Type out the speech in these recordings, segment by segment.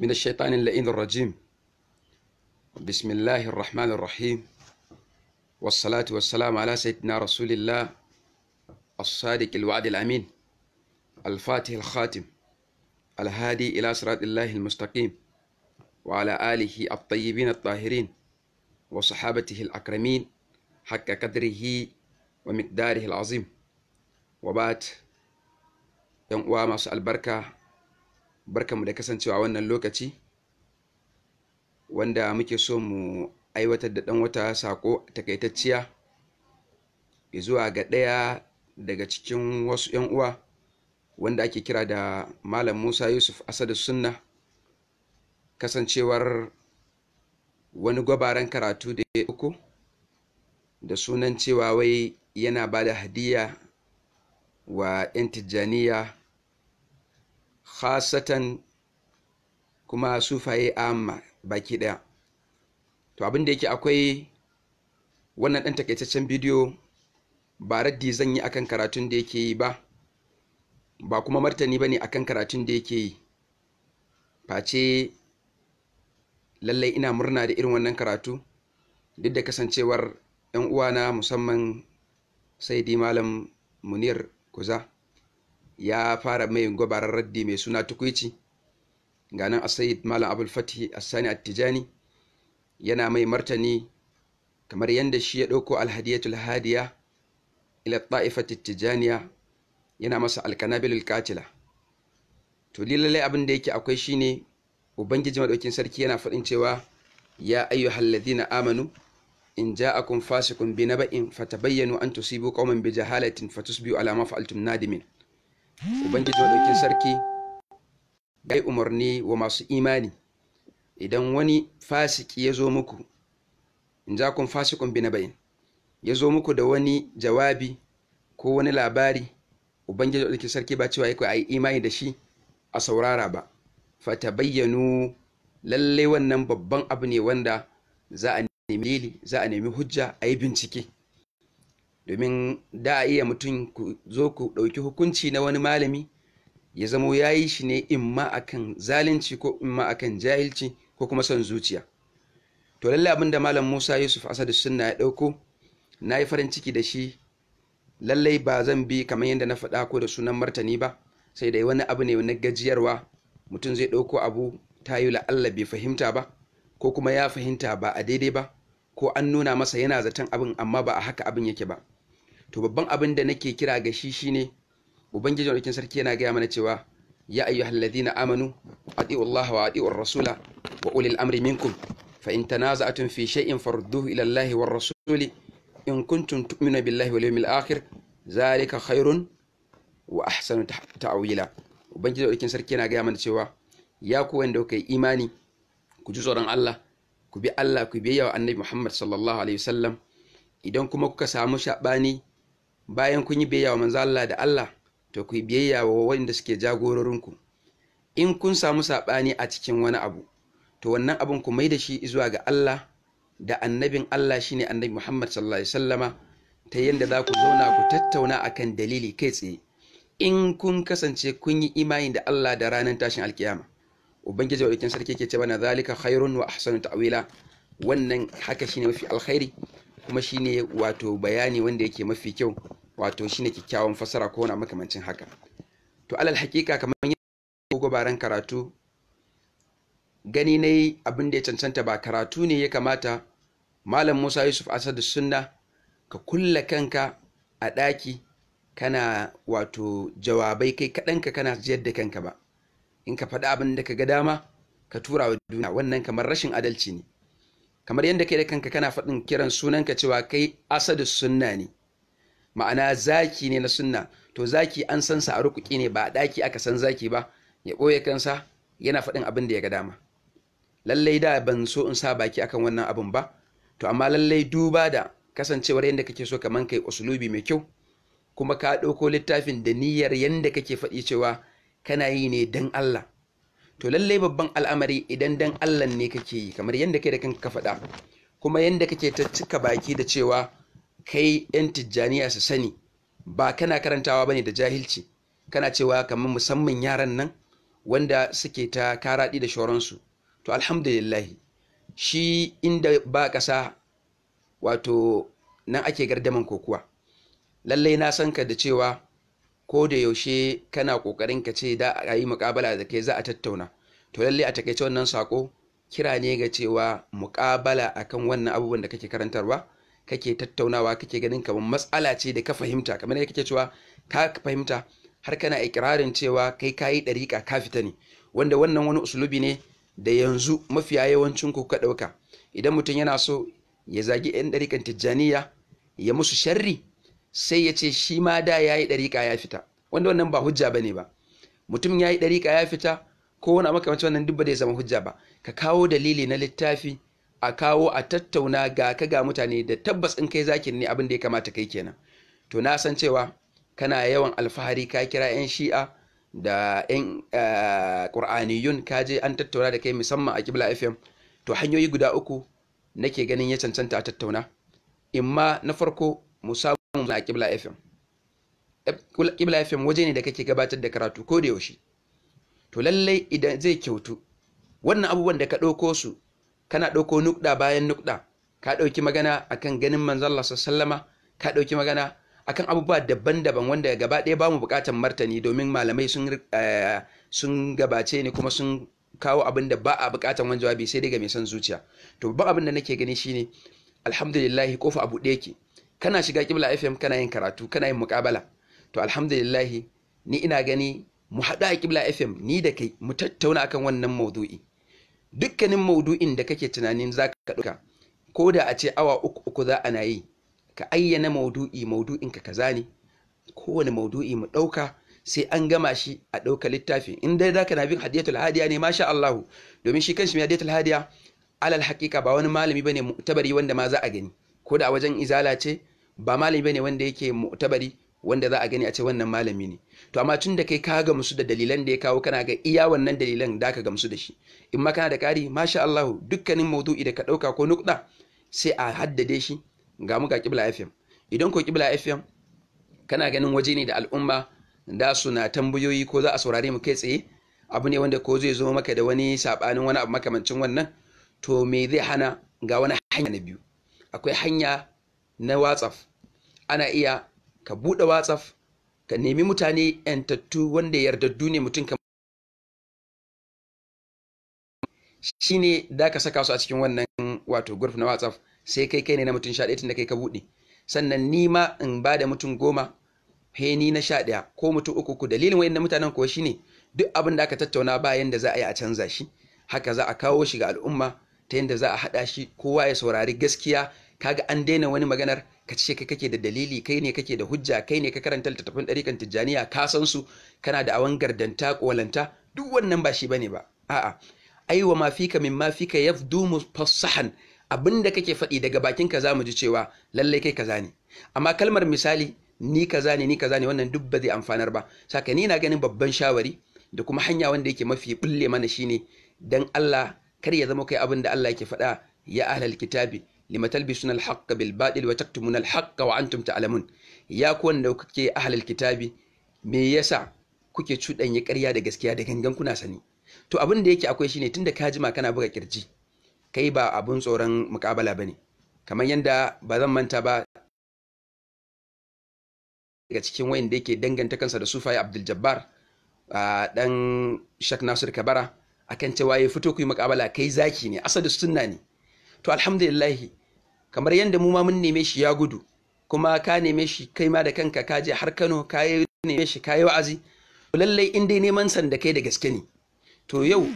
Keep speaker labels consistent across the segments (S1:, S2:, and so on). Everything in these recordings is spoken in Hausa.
S1: من الشيطان اللئيم الرجيم بسم الله الرحمن الرحيم والصلاة والسلام على سيدنا رسول الله الصادق الوعد الأمين الفاتح الخاتم الهادي إلى صراط الله المستقيم وعلى آله الطيبين الطاهرين وصحابته الأكرمين حق قدره ومقداره العظيم وبات يوم وامس البركة barkanmu da kasancewa wannan lokaci wanda muke so mu aiwatar da ɗan wata sako takaitacciya zuwa ga ɗaya daga cikin wasu 'yan uwa wanda ake kira da malam musa yusuf asadu sunna kasancewar wani gwabaran karatu da ya uku da sunan cewa wai yana ba da hadiya wa 'yan tijjaniya khasatan kuma sufaye amma baki daya to abin da yake akwai wannan dan takaitaccen bidiyo ba raddi zan yi akan karatun da yake yi ba ba kuma martani ba ne akan karatun da yake yi face lallai ina murna da irin wannan karatu duk da kasancewar 'yan uwana musamman sai dai malam munir kuza ya fara mai gwabarar raddi mai suna tukwici ganin asayid malam abul fatih asani attijani yana mai martani kamar yadda shi ya ɗauko alhadiyatul hadiya ila ta'ifati tijaniya yana masa alkanabilul katila to lilalai abin da yake akwai shine ubangiji madaukin sarki yana faɗin cewa ya ayyuhal ladina amanu in ja a ja'akum fasiqun bi naba'in fatabayyanu an tusibu qauman bi jahalatin fatusbihu ala ma fa'altum nadimin ubangiji Maɗaukin sarki gai umarni wa masu imani idan wani fasiki ya zo muku in ja kun fasikun bi na bayin ya zo muku da wani jawabi ko wani labari ubangiji Maɗaukin sarki ba cewa a yi imani da shi a saurara ba fata bayyanu lallai wannan babban abu ne wanda za a nemi za a nemi hujja a yi bincike domin da a iya mutum ku zo ku ɗauki hukunci na wani malami ya zamo ya yi shi ne in a akan zalunci ko in a akan jahilci ko kuma son zuciya to lallai abin da malam musa yusuf asadu sunna ya ɗauko na yi farin ciki da shi lallai ba zan bi kamar yadda na faɗa ko da sunan martani ba sai dai wani abu ne na gajiyarwa mutum zai ɗauko abu ta yi la'alla bai fahimta ba ko kuma ya fahimta ba a daidai ba ko an nuna masa yana zaton abin amma ba a haka abin yake ba to babban abin da nake kira ga shi shine ubangijin rikin sarki yana gaya mana cewa ya ayyuhal ladina amanu atiu Allah wa atiu rasula wa ulil amri minkum fa in tun fi shay'in farudduhu ila Allah war rasuli in kuntum tu'minuna billahi wal yawmil akhir zalika khairun wa ahsanu ta'wila ubangijin rikin sarki yana gaya mana cewa ya ku wanda kuka imani ku ji tsoron Allah ku bi Allah ku biyayya wa Annabi Muhammad sallallahu alaihi wasallam idan kuma kuka samu shabani bayan kun yi biyayya wa manzo Allah da Allah to ku yi biyayya wa wanda suke jagororinku in kun samu saɓani a cikin wani abu to wannan abin ku mai da shi zuwa ga Allah da annabin Allah shine annabi Muhammad sallallahu alaihi wasallama ta yanda za ku zauna ku tattauna akan dalili kai tsaye in kun kasance kun yi imani da Allah da ranar tashin alkiyama ubangiji wa ikin sarki ke cewa mana zalika khairun wa ahsanu ta'wila wannan haka shine mafi alkhairi kuma shine wato bayani wanda yake mafi kyau wato shine kyakkyawan fasara ko na makamancin haka to alal hakika kamar yadda gobaran karatu gani ne abin da ya cancanta ba karatu ne ya kamata malam Musa Yusuf Asadu Sunna ka kulla kanka a daki kana wato jawabai kai kaɗanka kana jiyar da kanka ba in ka faɗi abin da ka ga dama ka tura wa duniya wannan kamar rashin adalci ne kamar yadda kai da kanka kana faɗin kiran sunanka cewa kai asadu sunna ne ma'ana zaki ne na sunna to zaki an san sa a rukuki ne ba a daki aka san zaki ba ya boye kansa yana faɗin abin da ya ga dama lallai da ban so in sa baki akan wannan abin ba to amma lallai duba da kasancewar yadda kake so kaman kai usulubi mai kyau kuma ka ɗauko littafin da niyyar yadda kake faɗi cewa kana yi ne dan Allah to lallai babban al'amari idan dan Allah ne kake yi kamar yadda kai da kanka ka faɗa kuma yadda kake ta cika baki da cewa kai 'yan tijjaniya su sani ba kana karantawa ba ne da jahilci kana cewa kamar musamman yaran nan wanda suke ta karaɗi da shoransu to alhamdulillahi shi inda ba ƙasa wato nan ake gardaman kokuwa lallai na san ka da cewa ko da yaushe kana ƙoƙarin ka ce da a yi muƙabala da kai za a tattauna to lallai a takaice wannan sako kira ne ga cewa muƙabala akan wannan abubuwan da kake karantarwa kake tattaunawa kake ganin kamar matsala ce da ka fahimta kamar yadda kake cewa ka fahimta har kana ikirarin cewa kai kayi dariƙa ka fita ne wanda wannan wani usulubi ne da yanzu mafiya yawancin ku ka ɗauka idan mutum yana so ya zagi 'yan ɗariƙan tijjaniya ya musu sharri sai ya ce shi ma da ya yi ɗariƙa ya fita wanda wannan ba hujja ba ne ba mutum ya yi ɗariƙa ya fita ko wani makamancin wannan duk ba zai zama hujja ba ka kawo dalili na littafi a kawo a tattauna ga ka ga mutane da tabbas in kai zakin ne abin da ya kamata kai kenan to na san cewa kana yawan alfahari ka kira 'yan shi'a da 'yan ƙur'aniyun eh, ka je an tattauna da kai musamman a kibla fm to hanyoyi guda uku nake ganin ya cancanta a tattauna In ma na farko mu samu a kibla fm kibla fm waje ne da kake gabatar da karatu ko da yaushe to lallai idan zai kyautu wannan abubuwan da ka ɗauko su kana ɗauko nukɗa bayan nukɗa ka ɗauki magana akan ganin manzon sallama ka ɗauki magana akan abubuwa daban-daban wanda gaba ɗaya ba mu buƙatar martani domin malamai eh, sun gabace ni kuma sun kawo abin da ba a buƙatar wani jawabi sai dai ga mai son zuciya to babban abin da nake gani shine alhamdulillah kofa abu ɗaya ke kana shiga kibla fm kana yin karatu kana yin muƙabala to alhamdulillahi, ni ina gani mu haɗu a kibla fm ni da kai mu tattauna akan wannan maudu'i dukkanin maudu'in da kake tunanin za ka ɗauka ko da a ce awa uku uku za ana yi ka ayyana maudu'i maudu'in ka kaza ne kowane maudu'i mu ɗauka sai an gama shi a ɗauka littafi in dai za ka na bin hadiyatul hadiya ne masha Allahu domin shi kanshi mai hadiyatul hadiya alal haƙiƙa ba wani malami bane mu'tabari wanda ma za a gani ko da a wajen izala ce ba malami bane wanda yake mu'tabari wanda za a gani a ce wannan malami ne to amma tun da kai ka ga musu da dalilan da ya kawo kana ga iya wannan dalilan da ka gamsu da shi in ma kana da ƙari masha Allah dukkanin maudu'i da ka ɗauka ko nukuɗa sai a haddade shi ga mu ga kibla FM idan ko kibla FM kana ganin waje ne da al'umma da su na tambayoyi ko za a saurare mu kai tsaye abu ne wanda ko zai zo maka da wani sabanin wani abu makamancin wannan to me zai hana ga wani hanya na biyu akwai hanya na WhatsApp ana iya ka buɗe WhatsApp ka nemi mutane yantattu wanda yardaddu ne mutum kamar ne da ka saka su a cikin wannan wato gurf na WhatsApp sai kai kai ne na mutum 11 tun da kai ka buɗe sannan ni ma in ba da mutum goma heni na na ɗaya ko mutum uku ku dalilin na mutanen kuwa shine duk abin da aka tattauna ba yanda za a yi a canza shi haka za a kawo shi ga al'umma ta yanda za a haɗa shi kowa ya saurari gaskiya kaga an daina wani maganar ka ce kai kake da dalili kai ne kake da hujja kai ne ka karanta littattafan ɗarikan tijjaniya ka san su kana da awan gardanta kolanta duk wannan ba shi bane ba a'a aiwa ma fika min ma fika mu fasahan abinda kake faɗi daga bakin ka mu ji cewa lallai kai kaza ne amma kalmar misali ni kaza ne ni kaza ne wannan duk ba zai amfanar ba saka ni na ganin babban shawari da kuma hanya wanda yake mafi bulle mana shine dan Allah kar ya zama kai abinda da Allah yake faɗa ya ahlal kitabi lima talbisuna al-haqqa bil batil wa taktumuna al wa antum ta'lamun ya ku wanda kuke ahlul kitabi me yasa kuke ya ƙarya da gaskiya da gangan kuna sani to abin da yake akwai shine tunda ka jima kana buga kirji kai ba abun tsoron mukabala bane kamar yanda ba zan manta ba daga cikin wayanda yake danganta kansa da sufaye Abdul Jabbar a dan Sheikh Nasir Kabara akan cewa ya fito ku yi mukabala kai zaki ne asadu sunna ne to alhamdulillah kamar yadda mu ma mun neme shi ya gudu kuma ka neme shi kai ma da kanka ka je har Kano ka neme shi ka yi wa'azi lalle in dai neman san da kai da gaske ne to yau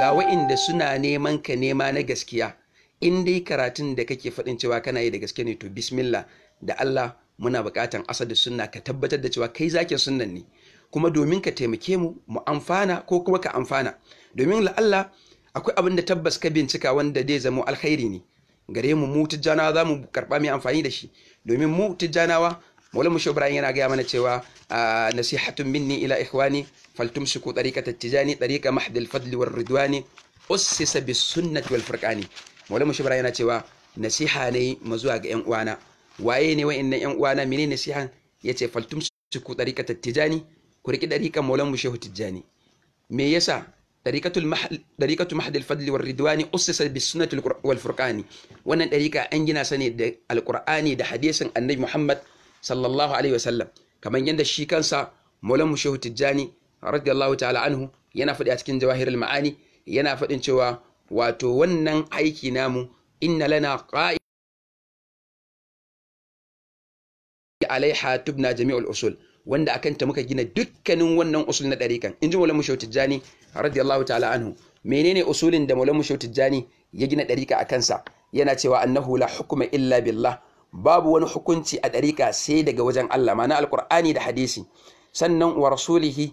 S1: ga wa'inda suna neman ka nema na gaskiya in dai karatun da kake faɗin cewa kana yi da gaske ne to bismillah da Allah muna buƙatan da sunna ka tabbatar da cewa kai zakin sunnan ne kuma domin ka taimake mu mu amfana ko kuma ka amfana domin la'alla akwai abin da tabbas ka bincika wanda zai zamo alkhairi ne gare mu mu tijjanawa za mu karɓa mai amfani da shi domin mu tijjanawa maulana mu ibrahim yana gaya mana cewa ah, nasihatun minni ila ikhwani faltumsiku tariqata tijani tariqa mahdil fadli war ridwani ussisa bis sunnati wal furqani maulana mu ibrahim yana cewa nasiha ne mazuwa ga yan uwana waye ne wa'annan yan uwana mene nasiha, yace ce tariqata tijani ku riki tariqan mu shehu tijani me yasa ɗarikatu mahadil fadli war ridwani ussisa bis sunnati wal furqani wannan ɗarika an gina sa ne da alqur'ani da hadisin annabi Muhammad sallallahu alaihi sallam. kamar yadda shi kansa Maulana Shehu Tijjani radiyallahu ta'ala anhu yana faɗi a cikin jawahirul ma'ani yana faɗin cewa wato wannan aiki namu inna lana qa'i alaiha tubna jami'ul usul wanda akan ta muka gina dukkanin wannan usul na ɗarikan in ji maulamu shau tijjani radiyallahu ta'ala anhu menene usulin da mulamu shau tijjani ya gina ɗarika a kansa yana cewa annahu la hukuma illa billah babu wani hukunci a ɗarika sai daga wajen Allah ma'ana alkur'ani da hadisi sannan wa rasulihi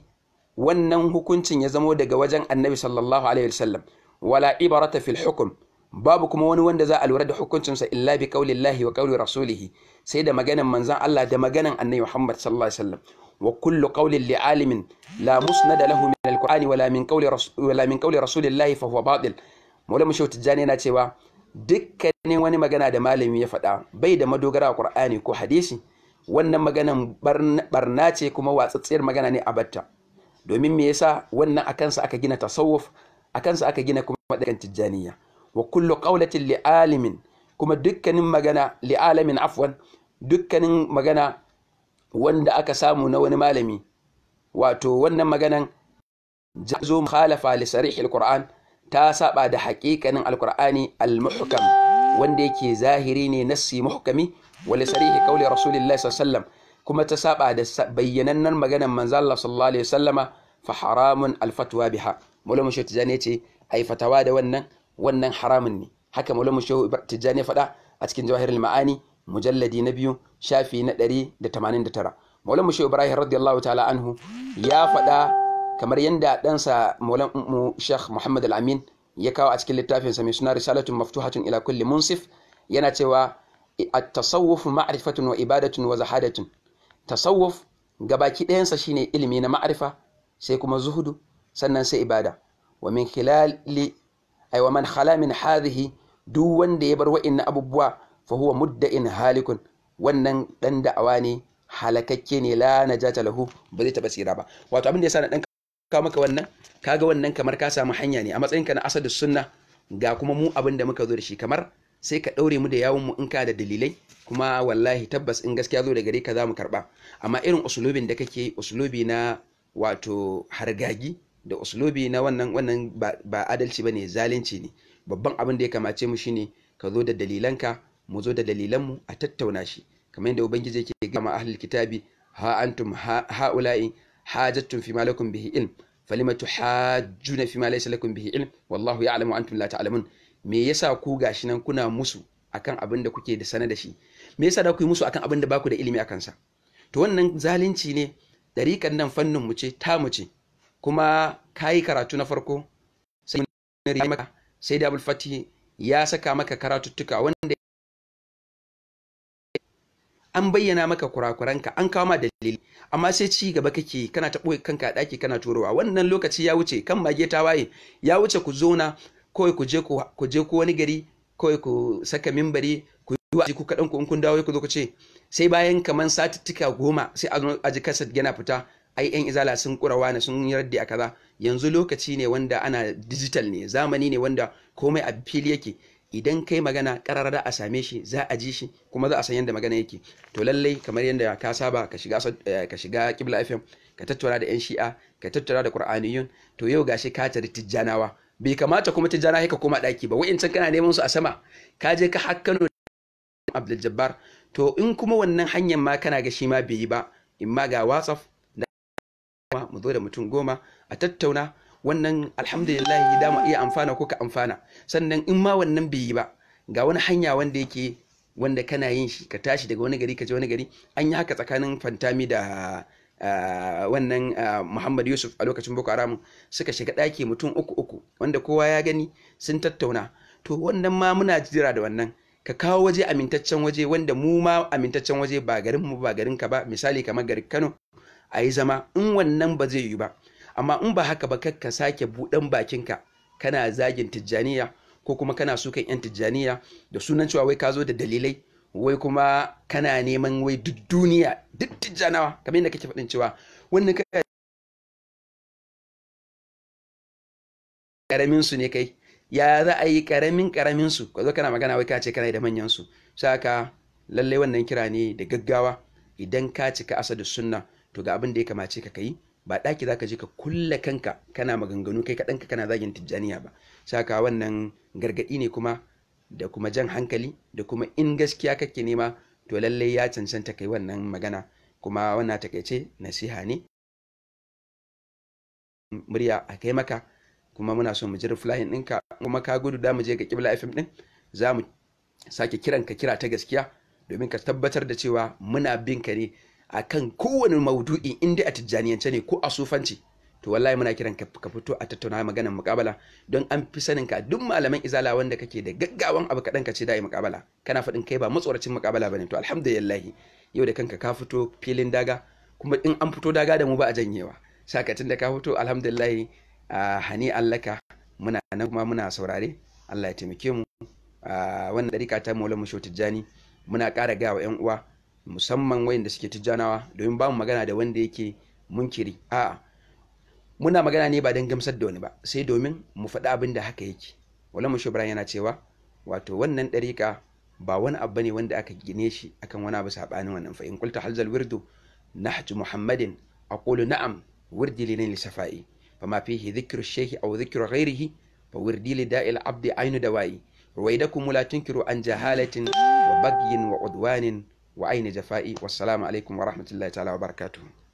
S1: wannan hukuncin ya zamo daga wajen annabi sallallahu alaihi wasallam wala ibarata fil hukum babu kuma wani wanda za a lura da hukuncinsa illa bi kaulillahi wa kauli rasulih sai da maganan manzan Allah da maganan annabi Muhammad sallallahu alaihi wasallam wa kullu qaulin li alimin la musnad lahu min alqur'ani wala min rasul wala min qawli rasulillah fa huwa batil maulama shehu tijjani yana cewa dukkanin wani magana da malami ya faɗa bai da madogara a qur'ani ko hadisi wannan maganan barna ce kuma watsatsiyar magana ne abatta domin me yasa wannan sa aka gina tasawuf sa aka gina kuma madakan tijjaniya wa kullu qawlatin li alimin kuma dukkanin magana li alamin afwan dukkanin magana wanda aka samu na wani malami wato wannan maganan jazo mukhalafa li sarih alquran ta saba da haƙiƙanin alqur'ani almuhkam wanda yake zahiri ne nassi muhkami wa li sarih qawli rasulillahi sallallahu alaihi kuma ta saba da bayyanannen maganan manzo Allah sallallahu alaihi wasallama fa haramun alfatwa biha mulmu tijani ce ai fatawa da wannan wannan haramun ne haka malamin shehu tijjani faɗa a cikin jawahirul ma'ani mujalladi na biyu shafi na 189 malamin shehu ibrahim radiyallahu ta'ala anhu ya faɗa kamar yadda ɗansa mu mm, mm, shekh muhammad al-amin ya kawo a cikin littafinsa mai suna risalatun maftuhatun ila kulli munsif yana cewa at-tasawwuf ma'rifatun wa ibadatun wa zahadatun tasawwuf gabaki ɗayansa shine ilimi na ma'rifa sai kuma zuhudu sannan sai ibada wa min khilali ai wa man khala min hadhihi duk wanda ya bar wa'innan abubuwa fa huwa mudda'in halikun wannan dan da'awa ne halakakke ne la najata lahu ba zai taba tsira ba wato abin da yasa na dan kawo maka wannan kaga wannan kamar ka samu hanya ne a matsayinka na asadu sunna ga kuma mu abin da muka zo da shi kamar sai ka daure mu da yawun mu in ka da dalilai kuma wallahi tabbas in gaskiya zo da gare ka za mu karba amma irin usulubin da kake usulubi na wato hargagi da uslubi na wannan wannan ba adalci ne, zalunci ne babban abin da ya kamace mu shine ka zo da dalilanka mu zo da dalilanmu a tattauna shi kamar yadda ubangiji yake ga ma ahlul kitabi ha antum haula'i hajatun fi malakum bihi ilm falima tuhajjuna fi ma laysa lakum bihi ilm wallahu ya'lamu wa antum la ta'lamun me yasa ku gashi nan kuna musu akan abin da kuke da sana da shi me yasa da ku yi musu akan abin da baku da ilimi akan sa to wannan zalunci ne dariƙan nan fannin mu ce ta mu ce kuma ka yi karatu na farko sai maka sai da abulfati ya saka maka karatuttuka wanda an bayyana maka kurakuranka an kawo ma dalili amma sai ci gaba kake kana taɓo kanka ɗaki kana turowa wannan lokaci ya wuce kan mage ta waye ya wuce ku zona kawai ku je ku wani gari kawai ku saka mimbari ku yi wa ku kaɗan ku in kun dawo ku zo ku ce sai bayan kamar satuttuka goma sai a ji kasa yana fita ai yan izala sun kurawa ne sun yi raddi a kaza yanzu lokaci ne wanda ana digital ne zamani ne wanda komai a fili yake idan kai magana kararra a same shi za a ji shi kuma za a san yadda magana yake to lallai kamar yadda ka saba ka shiga eh, ka shiga kibla fm ka tattauna da yan shi'a ka tattauna da qur'aniyun to yau gashi ka tari tijjanawa bai kamata kuma tijjana ka koma daki ba can kana neman su a sama ka je ka hakkano abdul jabbar to in kuma wannan hanyar ma kana ga shi ma bai yi ba in ma ga whatsapp mu zo da mutum goma a tattauna wannan alhamdulillah da mu iya amfana ko ka amfana sannan in ma wannan bai yi ba ga wani hanya wanda yake wanda kana yin shi ka tashi daga wani gari ka je wani gari an yi haka tsakanin fantami da ah, wannan ah, Muhammad Yusuf a lokacin Boko Haram suka shiga ɗaki mutum uku uku wanda kowa ya gani sun tattauna to wannan ma muna jira da wannan ka kawo waje amintaccen waje wanda mu ma amintaccen waje ba garin mu ba garin ka ba misali kamar garin Kano a yi zama in wannan ba zai yi ba amma in ba haka ba ka sake buɗan bakinka kana zagin tijjaniya ko kuma kana sukan 'yan tijjaniya da sunan cewa wai ka zo da dalilai wai kuma kana neman wai duk duniya duk tijjanawa kamar yadda kake faɗin cewa wannan kaka karamin su ne kai ya za a yi karamin karamin su ka zo kana magana wai ka ce kana da manyan su saka lallai wannan kira ne da gaggawa idan ka cika asa da sunna to ga abin da ya kamace ka kai ba ɗaki zaka je ka kulle kanka kana maganganu kai kadan ka kana zagin tijjaniya ba saka wannan gargadi ne kuma da kuma jan hankali da kuma in gaskiya kake nema to lallai ya cancanta kai wannan magana kuma wannan takaice nasiha ne murya a kai maka kuma muna so mu ji replying ɗinka kuma ka gudu da mu je ga kibla fm ɗin za mu sake kiran ka kira ta gaskiya domin ka tabbatar da cewa muna bin ka ne akan kowane maudu'i in dai a tijjaniyance ne ko a sufanci to wallahi muna kiran ka ka fito a tattauna maganar muƙabala don an fi sanin ka duk malaman izala wanda kake da gaggawan abu kaɗan ka ce da yi muƙabala kana faɗin kai ba matsoracin muƙabala bane to alhamdulillah yau da kanka ka fito filin daga kuma in an fito daga da mu ba a janyewa sakacin da ka fito alhamdulillah hani allaka muna nan kuma muna saurare Allah ya taimake mu wannan dariƙa ta Maulana Musho Tijjani muna ƙara wa ƴan uwa musamman wayanda suke tijjanawa domin ba mu magana da wanda yake munkiri a'a muna magana ne ba don gamsar da wani ba sai domin mu faɗi abin da haka yake wala mu shubran yana cewa wato wannan ɗariƙa ba wani abu ne wanda aka gine shi akan wani abu saɓanin wannan fa in qulta halzal wirdu nahju muhammadin aqulu na'am wirdi li nil safa'i ma fihi dhikru shaykh aw dhikru ghayrihi fa wirdi li da'il abdi aynu dawai ruwaidakum la tunkiru an jahalatin wa bagyin wa udwanin wa aini jafa'i wassalamu alaikum wa rahmatullahi ta'ala wa barakatuhu